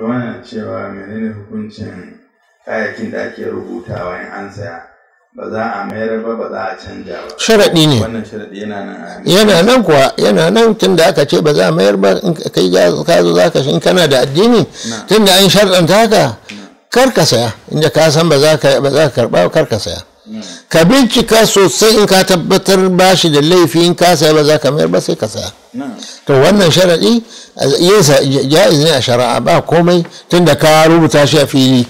Wannan cewa menene hukuncin kayayyakin da ake rubutawa in an saya ba za a mayar ba ba za a canja ba. Sharaɗi ne. Wannan sharaɗi yana nan. Yana nan kuwa yana nan tun da aka ce ba za a mayar ba in kai ka zo za ka in kana da addini tun da an sharɗanta haka kar ka saya inda ka san ba za ka karɓa kar ka saya. ka bincika sosai in ka tabbatar bashi da laifi in ka saya ba za ka mayar ba sai ka saya to wannan sharaɗi yinsa ne a shari'a ba komai tunda ka rubuta shi a fili